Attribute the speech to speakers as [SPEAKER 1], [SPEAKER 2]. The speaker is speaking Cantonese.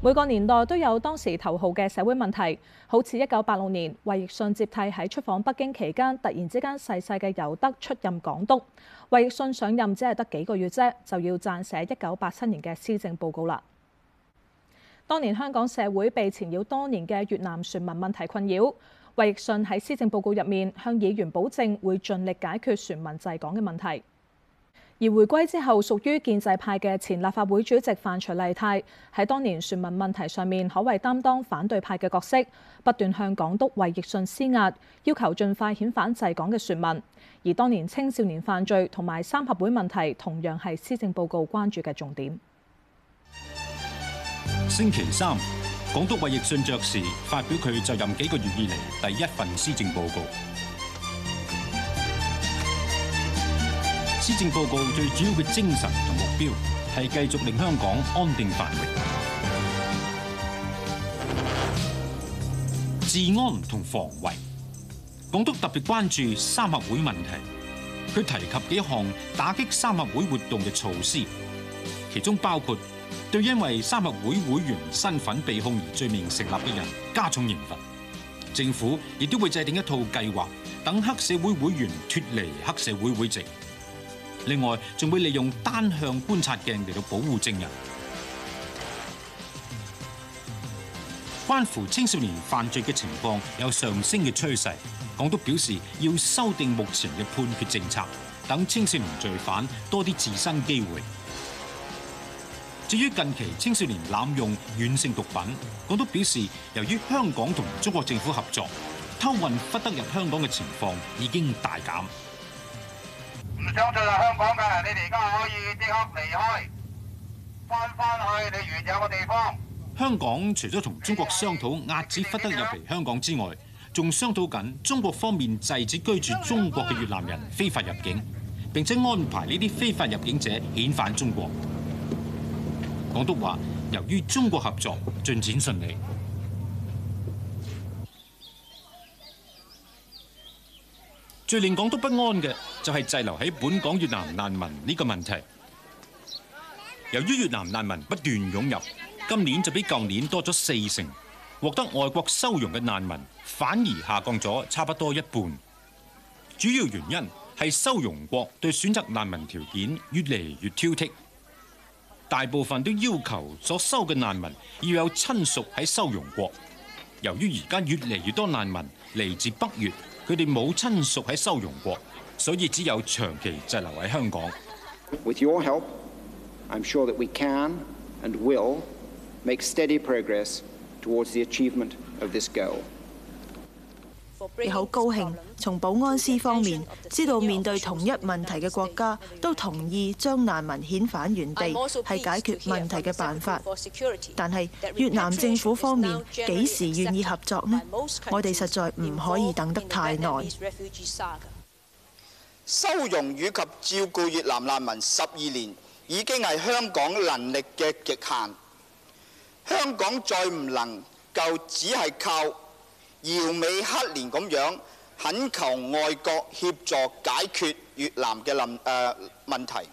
[SPEAKER 1] 每個年代都有當時頭號嘅社會問題，好似一九八六年，衛奕信接替喺出訪北京期間，突然之間逝世嘅尤德出任港督。衛奕信上任只係得幾個月啫，就要撰寫一九八七年嘅施政報告啦。當年香港社會被纏繞多年嘅越南船民問題困擾，衛奕信喺施政報告入面向議員保證會盡力解決船民滯港嘅問題。而回歸之後，屬於建制派嘅前立法會主席范徐麗泰，喺當年船民問題上面，可謂擔當反對派嘅角色，不斷向港督衛奕信施壓，要求盡快遣返滯港嘅船民。而當年青少年犯罪同埋三合會問題，同樣係施政報告關注嘅重點。
[SPEAKER 2] 星期三，港督衛奕信爵士發表佢就任幾個月以嚟第一份施政報告。施政報告最主要嘅精神同目標係繼續令香港安定繁榮、治安同防衞。港督特別關注三合會問題，佢提及幾項打擊三合會活動嘅措施，其中包括對因為三合會會員身份被控而罪名成立嘅人加重刑罰。政府亦都會制定一套計劃，等黑社會會員脱離黑社會會籍。另外，仲會利用單向觀察鏡嚟到保護證人。關乎青少年犯罪嘅情況有上升嘅趨勢，港督表示要修訂目前嘅判決政策，等青少年罪犯多啲自新機會。至於近期青少年濫用軟性毒品，港督表示由於香港同中國政府合作，偷運不得入香港嘅情況已經大減。相信在香港嘅，你哋而家可以即刻離開，翻返去你原有嘅地方。香港除咗同中國商討遏止不得入嚟香港之外，仲商討緊中國方面制止居住中國嘅越南人非法入境，並且安排呢啲非法入境者遣返中國。廣東話，由於中國合作進展順利。最令港督不安嘅就係滯留喺本港越南難民呢個問題。由於越南難民不斷湧入，今年就比舊年多咗四成。獲得外國收容嘅難民反而下降咗差不多一半。主要原因係收容國對選擇難民條件越嚟越挑剔，大部分都要求所收嘅難民要有親屬喺收容國。由於而家越嚟越多難民嚟自北越。佢哋冇親屬喺收容國，所以只有長期滯留喺香港。With your help, I'm sure that we can and will make steady progress towards the achievement of this goal.
[SPEAKER 1] 亦好高興，從保安司方面知道，面對同一問題嘅國家都同意將難民遣返原地係解決問題嘅辦法。但係越南政府方面幾時願意合作呢？我哋實在唔可以等得太耐。
[SPEAKER 2] 收容與及照顧越南難民十二年已經係香港能力嘅極限，香港再唔能夠只係靠搖尾乞憐咁樣懇求外國協助解決越南嘅臨誒問題。